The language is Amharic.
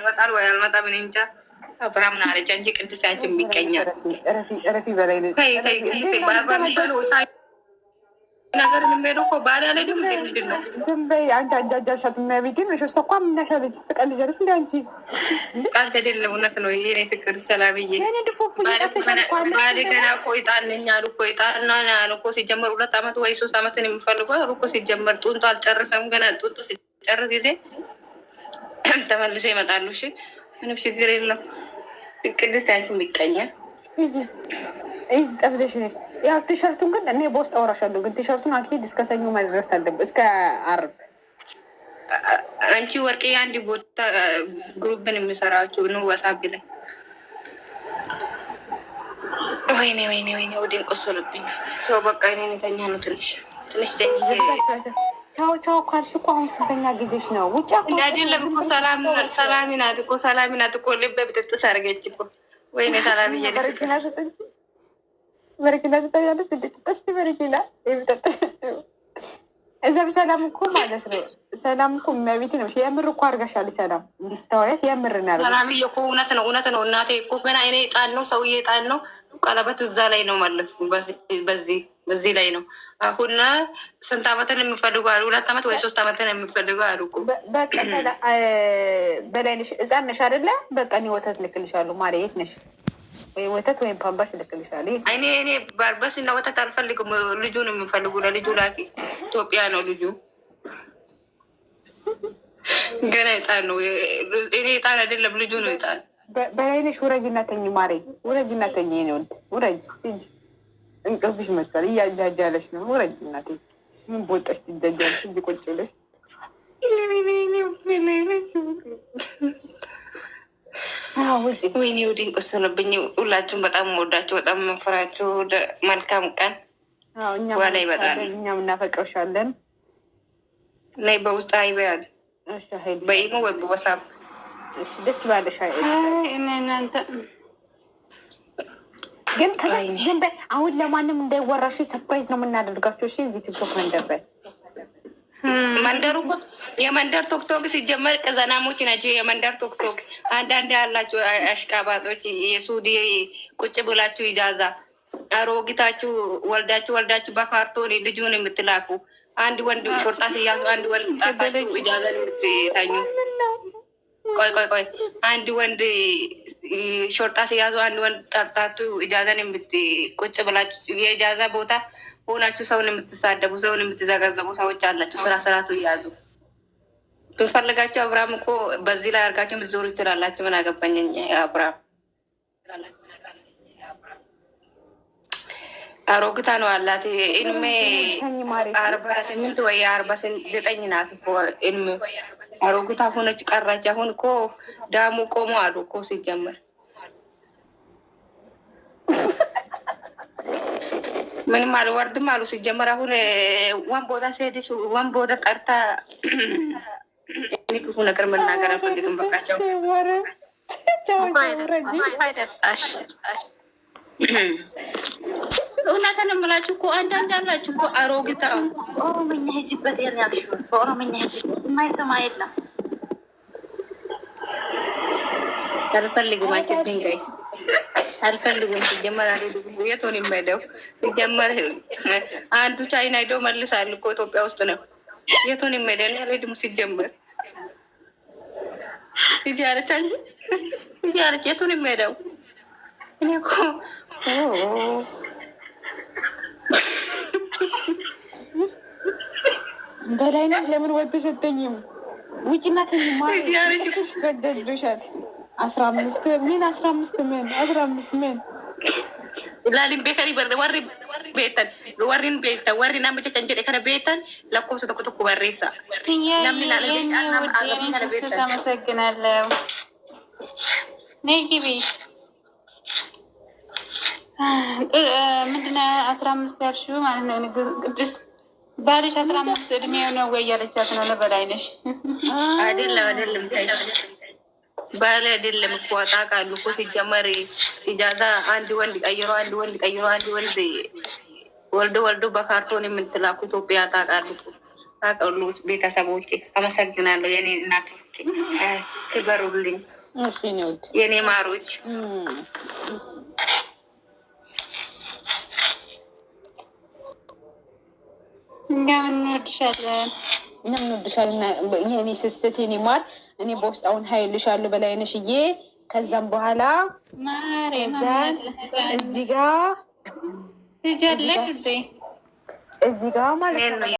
ይመጣል ወይ አልመጣም እኔ እንጃ። አብርሃም ና አለች እንጂ ቅድስት አንቺም ይገኛል። ረፊ በላይ ነች ነገር የምሄደው እኮ ባል ያለ ድም ምንድን ነው? ዝም በይ አንቺ አጃጃሻት የሚያቤትን እሺ። እሷ ምናሻለች ትቀልጃለች። እንደ አንቺ ቃል ተደለ እውነት ነው። ይሄ ፍቅር ሰላምዬ ባል ገና እኮ ይጣንኛ አሉ እኮ እኮ ሲጀመር ሁለት አመት ወይ ሶስት አመትን የሚፈልገው አሉ ሲጀመር ጡንቶ አልጨርሰም ገና ጡንቶ ሲጨርስ ጊዜ ተመልሶ ይመጣሉ። እሺ ምንም ችግር የለም። ቅድስት ያንቺ የሚቀኘ ጠፍተሽ ያው ቲሸርቱን ግን እኔ በውስጥ አወራሻለሁ። ግን ቲሸርቱን አኪድ እስከ ሰኞ መድረስ አለብ እስከ አርብ አንቺ ወርቄ አንድ ቦታ ግሩብን የሚሰራችሁ ኑ ዋሳቢ ላይ ወይኔ ወይኔ ወይኔ ወዲን ቆሰሉብኝ። ተው በቃ እኔን የተኛ ነው ትንሽ ትንሽ ቻው ቻው ካልሽ እኮ አሁን ስንተኛ ጊዜሽ ነው? ውጭ አይደለም እኮ ሰላም ናት እኮ ሰላም ናት እኮ ልበ ብጥጥስ አድርገች እኮ ወይ ሰላም በረኪና ስጠኛለች እንደ ጥጠሽ በረኪና እዛ ሰላም እኮ ማለት ነው። ሰላም እኮ መቤት ነው። የምር እኮ አርጋሻል። ሰላም እንዲስተዋለት የምር ና ሰላም እኮ እውነት ነው፣ እውነት ነው። እናቴ እኮ ገና እኔ ጣን ነው ሰውዬ ጣን ነው ቀለበት እዛ ላይ ነው መለስኩ በዚህ በዚህ ላይ ነው አሁን ስንት አመትን የሚፈልጉ አሉ? ሁለት አመት ወይ ሶስት አመትን የሚፈልጉ አሉ። በላይነሽ ህፃን ነሽ አይደለ? በቃ እኔ ወተት ልክልሻሉ። ማርያም የት ነሽ? ወይ ወተት ወይም ፓምፐርስ ልክልሻሉ። እኔ እኔ ባርበስ እና ወተት አልፈልግም። ልጁ ነው የሚፈልጉ። ለልጁ ላኪ። ኢትዮጵያ ነው ልጁ። ገና ህፃን ነው። እኔ ህፃን አይደለም፣ ልጁ ነው ህፃን። በላይነሽ ውረጅ እናተኝ። ማሬ ማርያም ውረጅ እና ተኝ። ውረጅ እንቅልፍሽ መቷል። እያጃጃለሽ ነው። ውረጅ እናቴ። ምን በወጣሽ ትጃጃለሽ? እዚህ ቁጭ ብለሽ ወይኔ ውድን ቆሰለብኝ። ሁላችሁም በጣም መወዳችሁ በጣም መፍራችሁ። መልካም ቀን። ዋላ ይበጣል። እኛም እናፈቅርሻለን። ናይ በውስጥ አይበያል በኢሞ ወይ በወሳብ ደስ ባለሻ እናንተ ግን ዝም አሁን ለማንም እንዳይወራሽ ሰፕራይዝ ነው የምናደርጋቸው። እሺ እዚህ ቲክቶክ መንደር በይ መንደሩ የመንደር ቶክቶክ ሲጀመር ቅዘናሞች ናቸው። የመንደር ቶክቶክ አንዳንድ ያላቸው አሽቃባጦች የሱዲ ቁጭ ብላችሁ ይዛዛ አሮጊታችሁ ወልዳችሁ ወልዳችሁ በካርቶን ልጁን የምትላኩ አንድ ወንድ ሾርጣ ሲያዙ አንድ ወንድ ጣጣችሁ ኢጃዛን የምትታኙ ቆይ ቆይ ቆይ አንድ ወንድ ሾርጣ ሲያዙ አንድ ወንድ ጠርታችሁ እጃዛን የምት ቁጭ ብላችሁ የእጃዛ ቦታ ሆናችሁ ሰውን የምትሳደቡ ሰውን የምትዘጋዘቡ ሰዎች አላችሁ። ስራ ስራቱ እያዙ ብንፈልጋቸው አብርሃም እኮ በዚህ ላይ አርጋቸው ምዞሩ ይችላላችሁ። ምን አገባኝ አብርሃም አሮግታ ነው አላት። እድሜ አርባ ስምንት ወይ አርባ ዘጠኝ ናት እኮ እድሜ አሮጊቷ ሆነች ቀራች። አሁን እኮ ዳሙ ቆሞ አሉ እኮ ሲጀመር ምንም አልወርድም አሉ ሲጀመር። አሁን ዋን ቦታ ሲሄድሽ ዋን ቦታ ጠርታ እኔ ክፉ ነገር መናገር አልፈልግም። በቃቸው እውነትን የምላችሁ እኮ አንዳንድ አላችሁ እኮ አሮግታ ኦሮምኛ ሂጅበት ያልሽ በኦሮምኛ ሂጅበት የማይሰማ የለም። አልፈልግም አንቺ ድንጋይ ሲጀመር የት የማይደው ሲጀመር አንዱ ቻይና መልሳል እኮ ኢትዮጵያ ውስጥ ነው። የት አልሄድም። ሲጀመር የት የማይደው እኔ እኮ በላይ ናት። ለምን ወጥተሽ አትተኝም? ውጭና ተኝማ ገደልሻል። አስራ አምስት ምን አስራ አምስት ምን አስራ አምስት ምን ilaaliin beekanii barre warri beektan warriin beektan warri nama jechan jedhe kana beektan lakkoofsa tokko tokko barreessa namni laalee jechaan nama agarsiisa kana beektan. Tamasagginaalew. Neekibii. ምንድነው ነው አስራ አምስት ያልሺው ማለት ነው ቅድስት ባልሽ አስራ አምስት እድሜው ነው ወይ ነው አይደለም አይደለም ባል አይደለም እኮ አውቃለሁ እኮ ሲጀመር ኢጃዛ አንድ ወንድ ቀይሮ አንድ ወንድ ቀይሮ አንድ ወንድ ወልዶ ወልዶ በካርቶን የምትላኩ ኢትዮጵያ አውቃለሁ አውቃሉ ቤተሰቦቼ አመሰግናለሁ የኔ ክበሩልኝ የኔ ማሮች እኛም እንወድሻለን። እኛም እንወድሻለን። የኔ ስስት የኔ ማር እኔ በውስጥ አሁን ሀይልሻለሁ በላይነሽዬ። ከዛም በኋላ እዚህ ጋ እዚህ ጋ ማለት ነው